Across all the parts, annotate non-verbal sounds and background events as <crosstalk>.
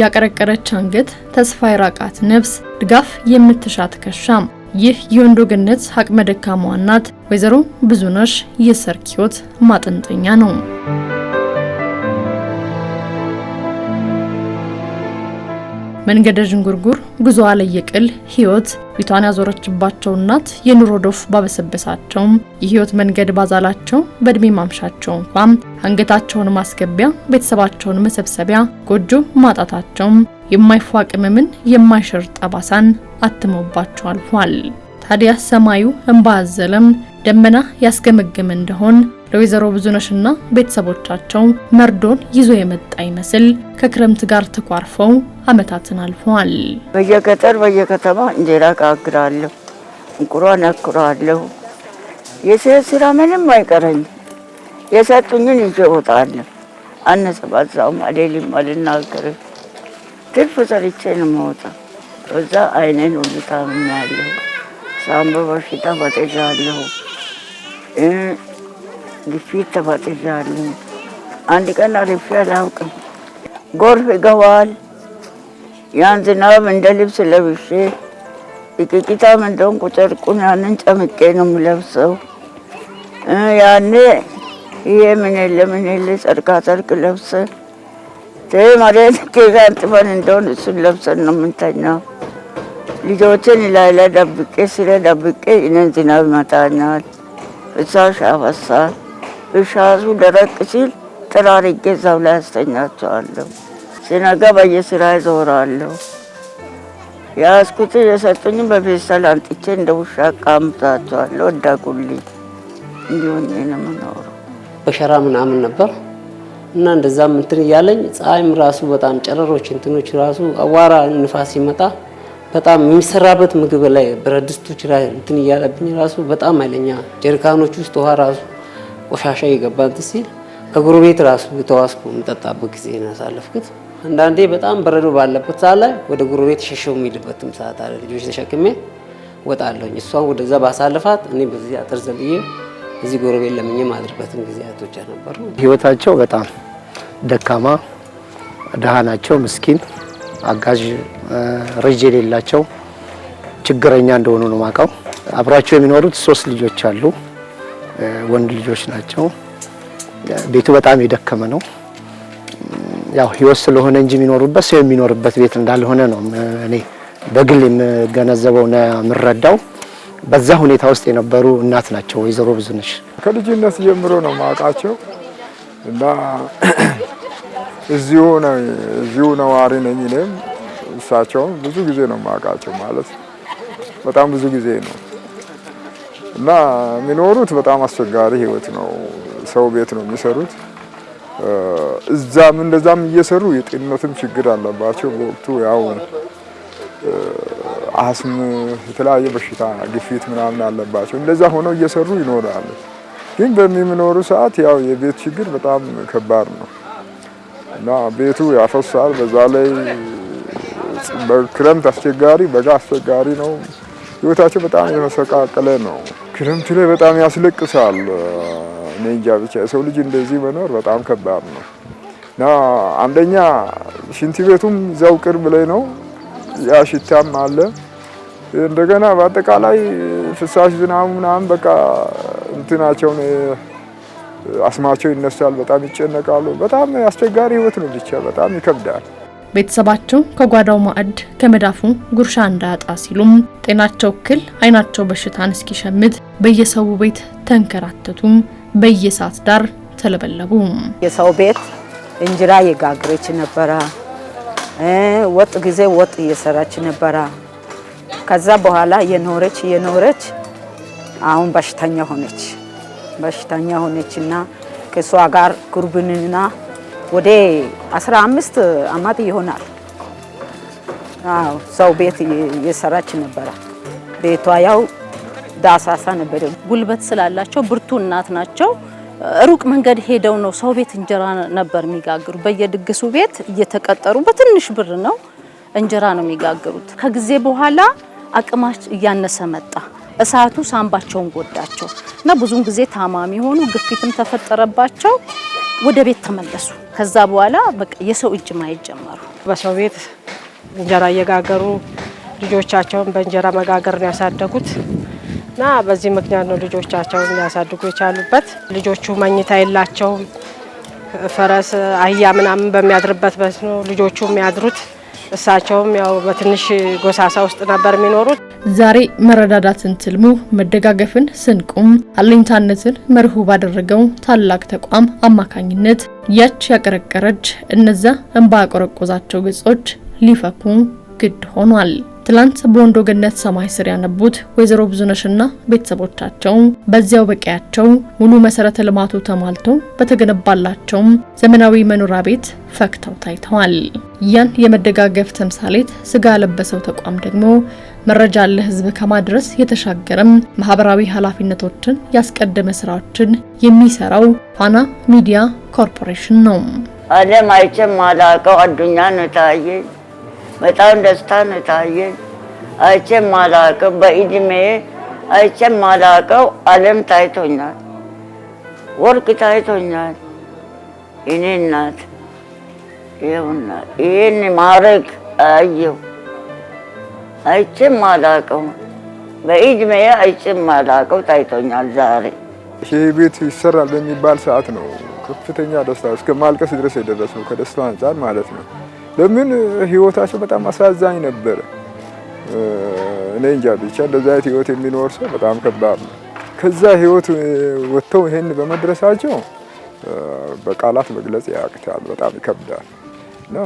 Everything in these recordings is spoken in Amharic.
ያቀረቀረች አንገት፣ ተስፋ የራቃት ነፍስ፣ ድጋፍ የምትሻ ትከሻም። ይህ የወንዶ ገነት አቅመ ደካማዋ እናት ወይዘሮ ብዙነሽ የሰርክ የሰርኪዮት ማጠንጠኛ ነው። መንገደ ዥንጉርጉር ጉዞዋ ለየቅል ህይወት ፊቷን ያዞረችባቸው እናት የኑሮ ዶፍ ባበሰበሳቸው የህይወት መንገድ ባዛላቸው በእድሜ ማምሻቸው እንኳን አንገታቸውን ማስገቢያ ቤተሰባቸውን መሰብሰቢያ ጎጆ ማጣታቸው የማይፏቅምምን የማይሽር ጠባሳን አትመውባቸው አልፏል። ታዲያ ሰማዩ እንባ አዘለም ደመና ያስገመግም እንደሆን ለወይዘሮ ብዙነሽና ቤተሰቦቻቸው መርዶን ይዞ የመጣ ይመስል ከክረምት ጋር ተኳርፈው አመታትን አልፈዋል። በየገጠር በየከተማ እንጀራ ጋግራለሁ፣ እንቁሯን አክሯለሁ። የሴት ስራ ምንም አይቀረኝ። የሰጡኝን ይዤ እወጣለሁ። አነሰባዛውም አሌሊም አልናገርም። ትርፍ ሰርቼ ነው የምወጣው። እዛ አይኔን ሁሉ ታምኛለሁ። ሳምባ በሽታ በጤዣለሁ ግፊት ተፈጥዣለሁ። አንድ ቀን አርፌ አላውቅም። ጎርፍ ይገባል። ያን ዝናብ እንደ ልብስ ለብሼ ጥቂቂታም እንደውም ቁጨርቁን ያንን ጨምቄ ነው የምለብሰው። ያኔ ይሄ ምን የለ ምን የለ ጨርቃ ጨርቅ ለብሰ መሬት ኬዛን ጥፈን እንደሆን እሱን ለብሰን ነው የምንተኛው። ልጆችን ላይ ላይ ደብቄ ስለ ደብቄ እኔን ዝናብ ይመጣኛል፣ ፍሳሽ አፈሳል። እሻሱ ደረቅ ሲል ጥራርጌ እዛው ላይ ያስተኛቸዋለሁ። ሲነጋ በየስራ ይዞራለሁ። የያዝኩት የሰጡኝም በፌስታል አንጥቼ እንደ ውሻ ቃምታቸዋለሁ። ወዳቁልኝ እንዲሁኝ የምኖረው። በሸራ ምናምን ነበር እና እንደዛም እንትን እያለኝ ፀሐይም ራሱ በጣም ጨረሮች እንትኖች ራሱ አዋራ ንፋስ ሲመጣ በጣም የሚሰራበት ምግብ ላይ ብረት ድስቶች ላይ እንትን እያለብኝ ራሱ በጣም አይለኛ ጀሪካኖች ውስጥ ውሃ ራሱ ቆሻሻ የገባን ሲል ከጎረቤት ራሱ የተዋስኩ የምጠጣበት ጊዜ ያሳለፍኩት። አንዳንዴ በጣም በረዶ ባለበት ሰዓት ላይ ወደ ጎረቤት ሸሸው የሚልበትም ሰዓት አለ። ልጆች ተሸክሜ ወጣለሁኝ። እሷን ወደዛ ባሳልፋት እኔ በዚህ አጥር ዘልዬ እዚህ ጎረቤት ለምኜ ማድርበትን ጊዜያቶች ነበሩ። ህይወታቸው በጣም ደካማ ድሃ ናቸው፣ ምስኪን አጋዥ ረጅ የሌላቸው ችግረኛ እንደሆኑ ነው ማቀው አብራቸው የሚኖሩት ሶስት ልጆች አሉ። ወንድ ልጆች ናቸው። ቤቱ በጣም የደከመ ነው። ያው ህይወት ስለሆነ እንጂ የሚኖሩበት ሰው የሚኖርበት ቤት እንዳልሆነ ነው እኔ በግል የምገነዘበው ነው የምረዳው። በዛ ሁኔታ ውስጥ የነበሩ እናት ናቸው ወይዘሮ ብዙነሽ። ከልጅነት ጀምሮ ነው ማውቃቸው እና <clears throat> እዚሁ ነው እዚሁ ነዋሪ ነኝ እኔም እሳቸውም ብዙ ጊዜ ነው ማውቃቸው ማለት በጣም ብዙ ጊዜ ነው እና የሚኖሩት በጣም አስቸጋሪ ህይወት ነው። ሰው ቤት ነው የሚሰሩት። እዛም እንደዛም እየሰሩ የጤንነትም ችግር አለባቸው። በወቅቱ ያው አስም፣ የተለያየ በሽታ፣ ግፊት ምናምን አለባቸው። እንደዛ ሆነው እየሰሩ ይኖራሉ። ግን በሚኖሩ ሰዓት ያው የቤት ችግር በጣም ከባድ ነው እና ቤቱ ያፈሳል። በዛ ላይ በክረምት አስቸጋሪ፣ በጋ አስቸጋሪ ነው። ህይወታቸው በጣም የተመሰቃቀለ ነው። ክረምት ላይ በጣም ያስለቅሳል። እኔ እንጃ ብቻ የሰው ልጅ እንደዚህ መኖር በጣም ከባድ ነው እና አንደኛ ሽንት ቤቱም እዛው ቅርብ ላይ ነው። ያ ሽታም አለ። እንደገና በአጠቃላይ ፍሳሽ ዝናቡ ምናምን በቃ እንትናቸውን አስማቸው ይነሳል። በጣም ይጨነቃሉ። በጣም አስቸጋሪ ህይወት ነው። ብቻ በጣም ይከብዳል። ቤተሰባቸው ከጓዳው ማዕድ ከመዳፉ ጉርሻ እንዳያጣ ሲሉም ጤናቸው እክል አይናቸው በሽታን እስኪሸምት በየሰው ቤት ተንከራተቱ በየሳት ዳር ተለበለቡ። የሰው ቤት እንጀራ የጋግረች ነበረ ወጥ ጊዜ ወጥ እየሰራች ነበረ ከዛ በኋላ የኖረች የኖረች አሁን በሽተኛ ሆነች። በሽተኛ ሆነችና ከሷ ጋር ጉርብንና ወደ 15 አማት ይሆናል። አዎ ሰው ቤት እየሰራች ነበረ። ቤቷ ያው ዳሳሳ ነበር። ጉልበት ስላላቸው ብርቱ እናት ናቸው። ሩቅ መንገድ ሄደው ነው ሰው ቤት እንጀራ ነበር የሚጋግሩ። በየድግሱ ቤት እየተቀጠሩ በትንሽ ብር ነው እንጀራ ነው የሚጋግሩት። ከጊዜ በኋላ አቅማች እያነሰ መጣ። እሳቱ ሳምባቸውን ጎዳቸው እና ብዙውን ጊዜ ታማሚ ሆኑ። ግፊትም ተፈጠረባቸው። ወደ ቤት ተመለሱ። ከዛ በኋላ በቃ የሰው እጅ ማየት ጀመሩ። በሰው ቤት እንጀራ እየጋገሩ ልጆቻቸውን በእንጀራ መጋገር ነው ያሳደጉት እና በዚህ ምክንያት ነው ልጆቻቸውን ሊያሳድጉ የቻሉበት። ልጆቹ መኝታ የላቸውም። ፈረስ አህያ ምናምን በሚያድርበት በት ነው ልጆቹ የሚያድሩት። እሳቸውም ያው በትንሽ ጎሳሳ ውስጥ ነበር የሚኖሩት። ዛሬ መረዳዳትን ትልሙ መደጋገፍን ስንቁም አለኝታነትን መርሁ ባደረገው ታላቅ ተቋም አማካኝነት ያች ያቀረቀረች እነዚያ እንባ ያቆረቆዛቸው ገጾች ሊፈኩ ግድ ሆኗል። ትላንት በወንዶ ገነት ሰማይ ስር ያነቡት ወይዘሮ ብዙነሽና ቤተሰቦቻቸው በዚያው በቀያቸው ሙሉ መሰረተ ልማቱ ተሟልቶ በተገነባላቸውም ዘመናዊ መኖሪያ ቤት ፈክተው ታይተዋል። ያን የመደጋገፍ ተምሳሌት ስጋ ያለበሰው ተቋም ደግሞ መረጃ ለህዝብ ከማድረስ የተሻገረም ማህበራዊ ኃላፊነቶችን ያስቀደመ ስራዎችን የሚሰራው ፋና ሚዲያ ኮርፖሬሽን ነው። አለም አይቼም አላውቀው አዱኛ ነው ታየኝ በጣም ደስታ ነው የታየኝ። አይቼም አላውቅም፣ በእድሜ አይቼም ማላቀው ዓለም ታይቶኛል፣ ወርቅ ታይቶኛል። እኔ እናት ይኸውና ይህን ማድረግ አየሁ፣ አይቼም አላውቀው፣ በእድሜ አይቼም ማላቀው ታይቶኛል ዛሬ ይሄ ቤት ይሰራል በሚባል ሰዓት ነው ከፍተኛ ደስታ እስከ ማልቀስ ድረስ የደረስነው ከደስታ አንጻር ማለት ነው። ለምን ህይወታቸው በጣም አሳዛኝ ነበረ። እኔ እንጃ ብቻ እንደዛ አይነት ህይወት የሚኖር ሰው በጣም ከባድ ነው። ከዛ ህይወት ወጥተው ይሄን በመድረሳቸው በቃላት መግለጽ ያቅታል፣ በጣም ይከብዳል። እና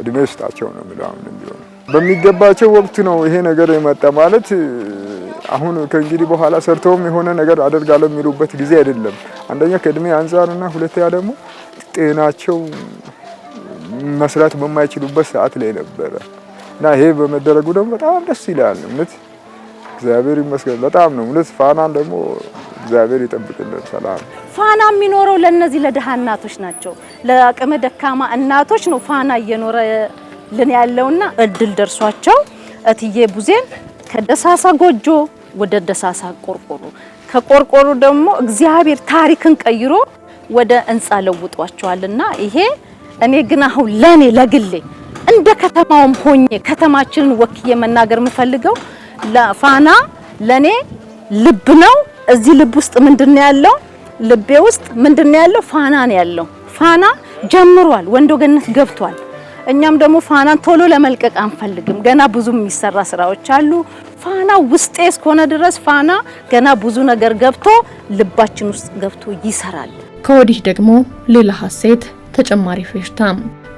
እድሜ ውስጣቸው ነው ምላምን ቢሆን በሚገባቸው ወቅት ነው ይሄ ነገር የመጣ ማለት አሁን ከእንግዲህ በኋላ ሰርተውም የሆነ ነገር አደርጋለሁ የሚሉበት ጊዜ አይደለም። አንደኛ ከእድሜ አንጻርና ሁለተኛ ደግሞ ጤናቸው መስራት በማይችሉበት ሰዓት ላይ ነበረ እና ይሄ በመደረጉ ደግሞ በጣም ደስ ይላል። እውነት እግዚአብሔር ይመስገን በጣም ነው። እውነት ፋናን ደግሞ እግዚአብሔር ይጠብቅልን። ሰላም ፋና የሚኖረው ለነዚህ ለድሃ እናቶች ናቸው፣ ለአቅመ ደካማ እናቶች ነው ፋና እየኖረልን ያለውና እድል ደርሷቸው እትዬ ቡዜን ከደሳሳ ጎጆ ወደ ደሳሳ ቆርቆሮ ከቆርቆሮ ደግሞ እግዚአብሔር ታሪክን ቀይሮ ወደ ህንፃ ለውጧቸዋልና ይሄ እኔ ግን አሁን ለኔ ለግሌ እንደ ከተማውም ሆኜ ከተማችንን ወክዬ መናገር የምፈልገው ለፋና ለኔ ልብ ነው። እዚህ ልብ ውስጥ ምንድነው ያለው? ልቤ ውስጥ ምንድነው ያለው? ፋና ነው ያለው። ፋና ጀምሯል፣ ወንዶ ገነት ገብቷል። እኛም ደግሞ ፋናን ቶሎ ለመልቀቅ አንፈልግም። ገና ብዙ የሚሰራ ስራዎች አሉ። ፋና ውስጤ እስከሆነ ድረስ ፋና ገና ብዙ ነገር ገብቶ ልባችን ውስጥ ገብቶ ይሰራል። ከወዲህ ደግሞ ሌላ ሀሴት ተጨማሪ ፌሽታ።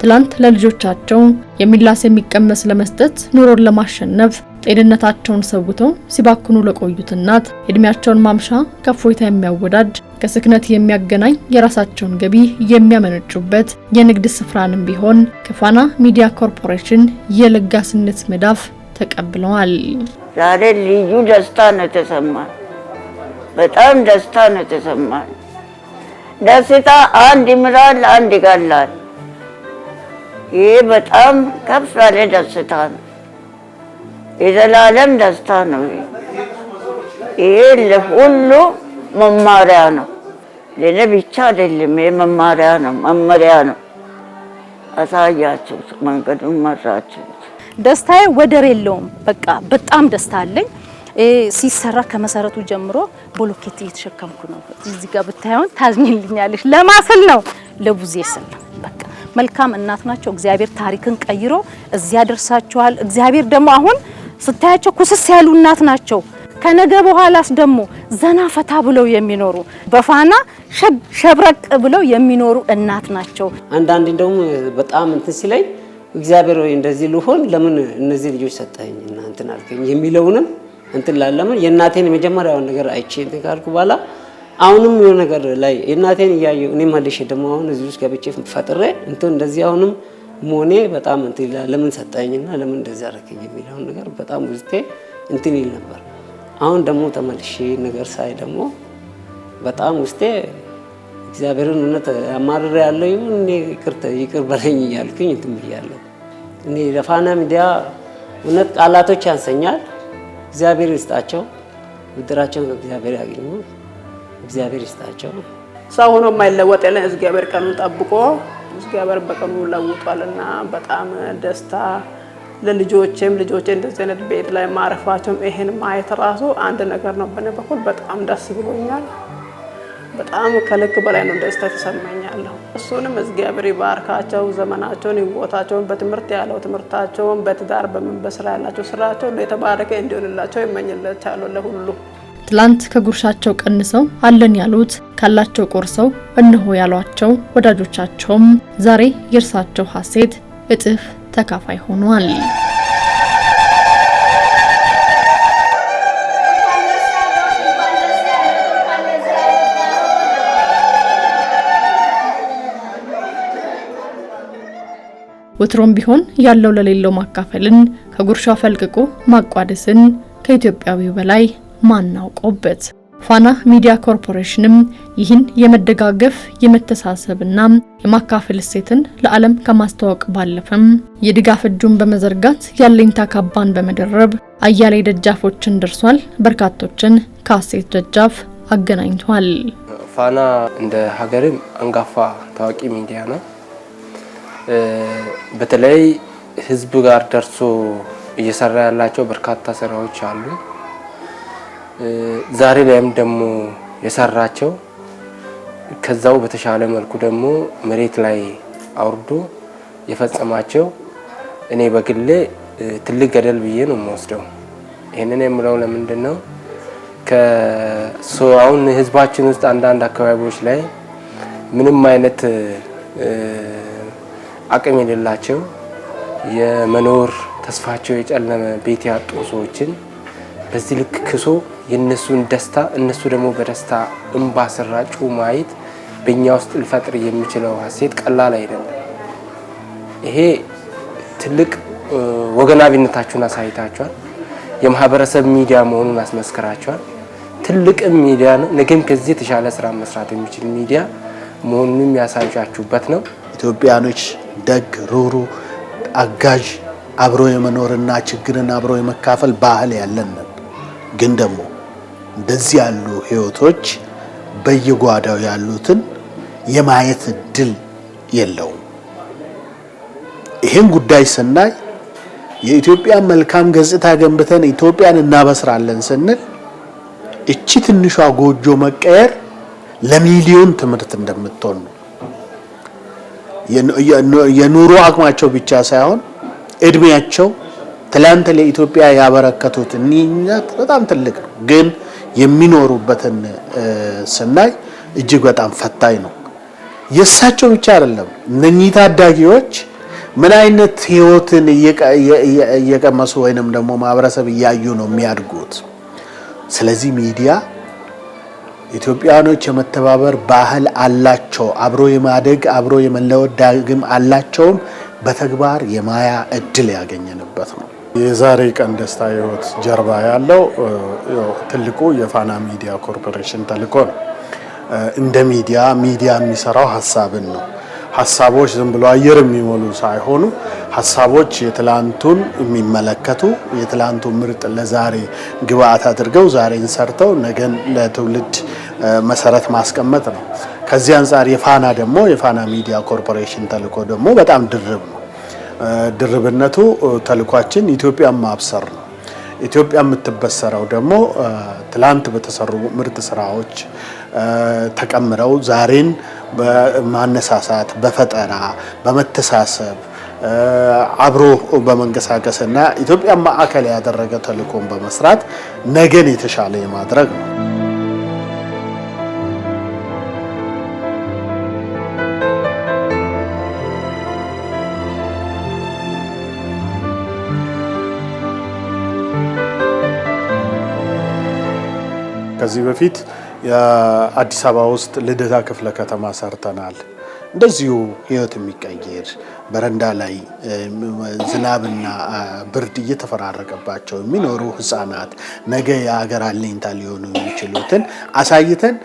ትላንት ለልጆቻቸው የሚላስ የሚቀመስ ለመስጠት ኑሮን ለማሸነፍ ጤንነታቸውን ሰውተው ሲባክኑ ለቆዩት እናት የእድሜያቸውን ማምሻ ከፎይታ የሚያወዳድ ከስክነት የሚያገናኝ የራሳቸውን ገቢ የሚያመነጩበት የንግድ ስፍራንም ቢሆን ከፋና ሚዲያ ኮርፖሬሽን የለጋስነት መዳፍ ተቀብለዋል። ዛሬ ልዩ ደስታ ነው የተሰማ። በጣም ደስታ ነው የተሰማ። ደስታ አንድ ይምራል፣ አንድ ይገላል። ይህ በጣም ከፍ ያለ ደስታ ነው። የዘላለም ደስታ ነው። ይህ ለሁሉ መማሪያ ነው። ለእኔ ብቻ አይደለም። ይሄ መማሪያ ነው፣ መመሪያ ነው። አሳያቸው መንገዱን መራቸው። ደስታዬ ወደር የለውም። በቃ በጣም ደስታ አለኝ። ሲሰራ ከመሰረቱ ጀምሮ ቦሎኬት እየተሸከምኩ ነው። እዚህ ጋር ብታየውን ታዝኝልኛለሽ። ለማስል ነው ለቡዜ ስል ነው። በቃ መልካም እናት ናቸው። እግዚአብሔር ታሪክን ቀይሮ እዚያ ደርሳችኋል። እግዚአብሔር ደግሞ አሁን ስታያቸው ኩስስ ያሉ እናት ናቸው። ከነገ በኋላስ ደግሞ ዘና ፈታ ብለው የሚኖሩ በፋና ሸብረቅ ብለው የሚኖሩ እናት ናቸው። አንዳንድ ደግሞ በጣም እንትን ሲለኝ እግዚአብሔር ወይ እንደዚህ ልሆን ለምን እነዚህ ልጆች ሰጠኝ እናንትን አልከኝ የሚለውንም እንትን ላለምን የእናቴን የመጀመሪያውን ነገር አይቼ እንትን ካልኩ በኋላ አሁንም የሆነ ነገር ላይ የእናቴን እያየሁ እኔ መልሼ ደግሞ አሁን እዚህ ውስጥ ገብቼ ፈጥሬ እንትን እንደዚህ አሁንም መሆኔ በጣም እንትን ይላል። ለምን ሰጠኝና ለምን እንደዚህ አደረገኝ የሚለውን ነገር በጣም ውስጤ እንትን ይል ነበር። አሁን ደግሞ ተመልሼ ነገር ሳይ ደግሞ በጣም ውስጤ እግዚአብሔርን እውነት አማርሬ ያለው ይሁን እኔ ይቅርተ ይቅር በለኝ እያልኩኝ እንትን ብያለሁ። እኔ ለፋና ሚዲያ እውነት ቃላቶች ያንሰኛል እግዚአብሔር ይስጣቸው። ብድራቸውን ከእግዚአብሔር ያገኙ። እግዚአብሔር ይስጣቸው። ሰው ሆኖ የማይለወጥ የለን እግዚአብሔር ቀኑን ጠብቆ እግዚአብሔር በቀኑ ለውጧልና በጣም ደስታ ለልጆቼም ልጆቼ እንደዚህ አይነት ቤት ላይ ማረፋቸውም ይሄን ማየት ራሱ አንድ ነገር ነው። በእኔ በኩል በጣም ደስ ብሎኛል። በጣም ከልክ በላይ ነው ደስታ ተሰማኛለሁ። እሱንም እግዚአብሔር ይባርካቸው፣ ዘመናቸውን፣ ሕይወታቸውን በትምህርት ያለው ትምህርታቸውን፣ በትዳር በምን በስራ ያላቸው ስራቸው የተባረከ እንዲሆንላቸው ይመኝላቸዋለሁ ለሁሉ ትላንት ከጉርሻቸው ቀንሰው አለን ያሉት ካላቸው ቆርሰው እነሆ ያሏቸው ወዳጆቻቸውም ዛሬ የእርሳቸው ሀሴት እጥፍ ተካፋይ ሆኗል። ወትሮም ቢሆን ያለው ለሌለው ማካፈልን ከጉርሻ ፈልቅቆ ማቋደስን ከኢትዮጵያዊው በላይ ማናውቆበት ፋና ሚዲያ ኮርፖሬሽንም ይህን የመደጋገፍ የመተሳሰብና የማካፈል እሴትን ለዓለም ከማስተዋወቅ ባለፈም የድጋፍ እጁን በመዘርጋት ያለኝታ ካባን በመደረብ አያሌ ደጃፎችን ደርሷል። በርካቶችን ከሀሴት ደጃፍ አገናኝቷል። ፋና እንደ ሀገርም አንጋፋ ታዋቂ ሚዲያ ነው። በተለይ ህዝብ ጋር ደርሶ እየሰራ ያላቸው በርካታ ስራዎች አሉ። ዛሬ ላይም ደግሞ የሰራቸው ከዛው በተሻለ መልኩ ደግሞ መሬት ላይ አውርዶ የፈጸማቸው እኔ በግሌ ትልቅ ገደል ብዬ ነው የምወስደው። ይህንን የምለው ለምንድን ነው? አሁን ህዝባችን ውስጥ አንዳንድ አካባቢዎች ላይ ምንም አይነት አቅም የሌላቸው የመኖር ተስፋቸው የጨለመ ቤት ያጡ ሰዎችን በዚህ ልክ ክሶ የእነሱን ደስታ እነሱ ደግሞ በደስታ እንባ ስራጩ ማየት በእኛ ውስጥ ሊፈጥር የሚችለው ሀሴት ቀላል አይደለም። ይሄ ትልቅ ወገናዊነታችሁን አሳይታችኋል። የማህበረሰብ ሚዲያ መሆኑን አስመስክራችኋል። ትልቅ ሚዲያ ነው። ነገም ከዚህ የተሻለ ስራ መስራት የሚችል ሚዲያ መሆኑንም ያሳያችሁበት ነው። ኢትዮጵያኖች ደግ፣ ሩሩ፣ አጋዥ አብሮ የመኖርና ችግርን አብሮ የመካፈል ባህል ያለን ግን ደግሞ እንደዚህ ያሉ ህይወቶች በየጓዳው ያሉትን የማየት እድል የለውም። ይህን ጉዳይ ስናይ የኢትዮጵያን መልካም ገጽታ ገንብተን ኢትዮጵያን እናበስራለን ስንል እቺ ትንሿ ጎጆ መቀየር ለሚሊዮን ትምህርት እንደምትሆን ነው። የኑሮ አቅማቸው ብቻ ሳይሆን እድሜያቸው ትላንት ለኢትዮጵያ ያበረከቱት እኒህኛት በጣም ትልቅ ነው፣ ግን የሚኖሩበትን ስናይ እጅግ በጣም ፈታኝ ነው። የእሳቸው ብቻ አይደለም። እነኚህ ታዳጊዎች ምን አይነት ህይወትን እየቀመሱ ወይንም ደግሞ ማህበረሰብ እያዩ ነው የሚያድጉት? ስለዚህ ሚዲያ ኢትዮጵያኖች የመተባበር ባህል አላቸው። አብሮ የማደግ አብሮ የመለወጥ ዳግም አላቸውም። በተግባር የማያ እድል ያገኘንበት ነው። የዛሬ ቀን ደስታ ህይወት ጀርባ ያለው ትልቁ የፋና ሚዲያ ኮርፖሬሽን ተልዕኮ ነው። እንደ ሚዲያ ሚዲያ የሚሰራው ሀሳብን ነው። ሀሳቦች ዝም ብሎ አየር የሚሞሉ ሳይሆኑ ሀሳቦች የትላንቱን የሚመለከቱ የትላንቱ ምርጥ ለዛሬ ግብአት አድርገው ዛሬን ሰርተው ነገን ለትውልድ መሰረት ማስቀመጥ ነው። ከዚህ አንጻር የፋና ደግሞ የፋና ሚዲያ ኮርፖሬሽን ተልኮ ደግሞ በጣም ድርብ ነው። ድርብነቱ ተልኳችን ኢትዮጵያን ማብሰር ነው። ኢትዮጵያ የምትበሰረው ደግሞ ትላንት በተሰሩ ምርጥ ስራዎች ተቀምረው ዛሬን በማነሳሳት በፈጠራ በመተሳሰብ አብሮ በመንቀሳቀስ እና ኢትዮጵያን ማዕከል ያደረገ ተልእኮን በመስራት ነገን የተሻለ የማድረግ ነው። ከዚህ በፊት የአዲስ አበባ ውስጥ ልደታ ክፍለ ከተማ ሰርተናል። እንደዚሁ ህይወት የሚቀይር በረንዳ ላይ ዝናብና ብርድ እየተፈራረቀባቸው የሚኖሩ ህፃናት ነገ የሀገር አለኝታ ሊሆኑ የሚችሉትን አሳይተን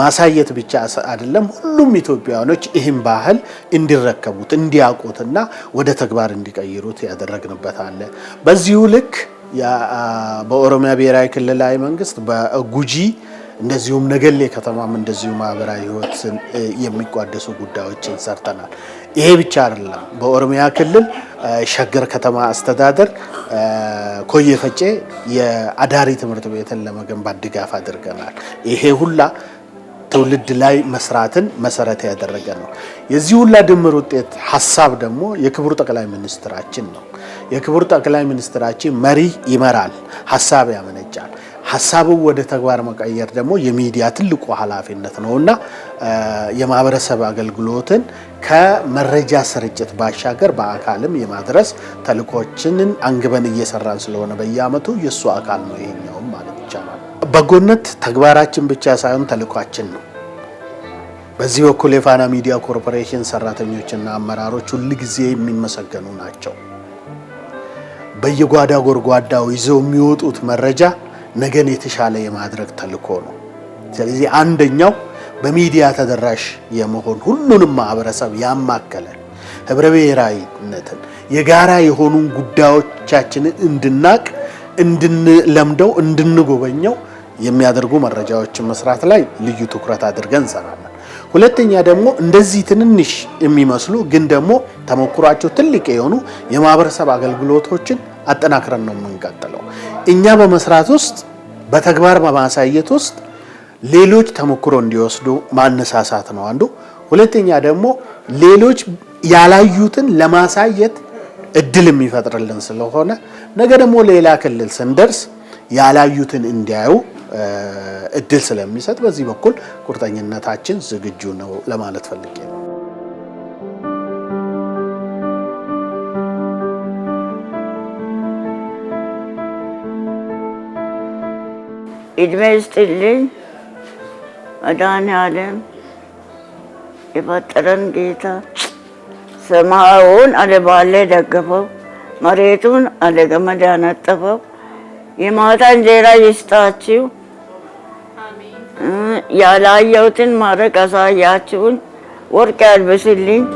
ማሳየት ብቻ አይደለም፣ ሁሉም ኢትዮጵያውያኖች ይህን ባህል እንዲረከቡት እንዲያውቁትና ወደ ተግባር እንዲቀይሩት ያደረግንበት አለ። በዚሁ ልክ በኦሮሚያ ብሔራዊ ክልላዊ መንግስት በጉጂ እንደዚሁም ነገሌ ከተማም እንደዚሁ ማህበራዊ ህይወትን የሚቋደሱ ጉዳዮችን ሰርተናል። ይሄ ብቻ አይደለም። በኦሮሚያ ክልል ሸገር ከተማ አስተዳደር ኮዬ ፈጬ የአዳሪ ትምህርት ቤትን ለመገንባት ድጋፍ አድርገናል። ይሄ ሁላ ትውልድ ላይ መስራትን መሰረት ያደረገ ነው። የዚህ ሁላ ድምር ውጤት ሀሳብ ደግሞ የክቡር ጠቅላይ ሚኒስትራችን ነው። የክቡር ጠቅላይ ሚኒስትራችን መሪ ይመራል፣ ሀሳብ ያመነጫል። ሀሳብን ወደ ተግባር መቀየር ደግሞ የሚዲያ ትልቁ ኃላፊነት ነው እና የማህበረሰብ አገልግሎትን ከመረጃ ስርጭት ባሻገር በአካልም የማድረስ ተልእኮችንን አንግበን እየሰራን ስለሆነ በየአመቱ የእሱ አካል ነው ይሄኛውም ማለት ይቻላል። በጎነት ተግባራችን ብቻ ሳይሆን ተልእኳችን ነው። በዚህ በኩል የፋና ሚዲያ ኮርፖሬሽን ሰራተኞችና አመራሮች ሁልጊዜ የሚመሰገኑ ናቸው። በየጓዳ ጎርጓዳው ይዘው የሚወጡት መረጃ ነገን የተሻለ የማድረግ ተልእኮ ነው። ስለዚህ አንደኛው በሚዲያ ተደራሽ የመሆን ሁሉንም ማህበረሰብ ያማከለ ህብረ ብሔራዊነትን የጋራ የሆኑን ጉዳዮቻችንን እንድናቅ፣ እንድንለምደው፣ እንድንጎበኘው የሚያደርጉ መረጃዎችን መስራት ላይ ልዩ ትኩረት አድርገን እንሰራለን። ሁለተኛ ደግሞ እንደዚህ ትንንሽ የሚመስሉ ግን ደግሞ ተሞክሯቸው ትልቅ የሆኑ የማህበረሰብ አገልግሎቶችን አጠናክረን ነው የምንቀጥለው። እኛ በመስራት ውስጥ በተግባር በማሳየት ውስጥ ሌሎች ተሞክሮ እንዲወስዱ ማነሳሳት ነው አንዱ። ሁለተኛ ደግሞ ሌሎች ያላዩትን ለማሳየት እድል የሚፈጥርልን ስለሆነ ነገ ደግሞ ሌላ ክልል ስንደርስ ያላዩትን እንዲያዩ እድል ስለሚሰጥ በዚህ በኩል ቁርጠኝነታችን ዝግጁ ነው ለማለት ፈልጌ ነው። እድሜ ይስጥልኝ መድኃኒዓለም የፈጠረን ጌታ ሰማዩን አለባለ ባለ ደገፈው፣ መሬቱን አለገመድ ያነጠፈው። የማታ እንጀራ ይስጣችሁ፣ ያላየሁትን ማድረግ አሳያችሁን፣ ወርቅ ያልብስልኝ።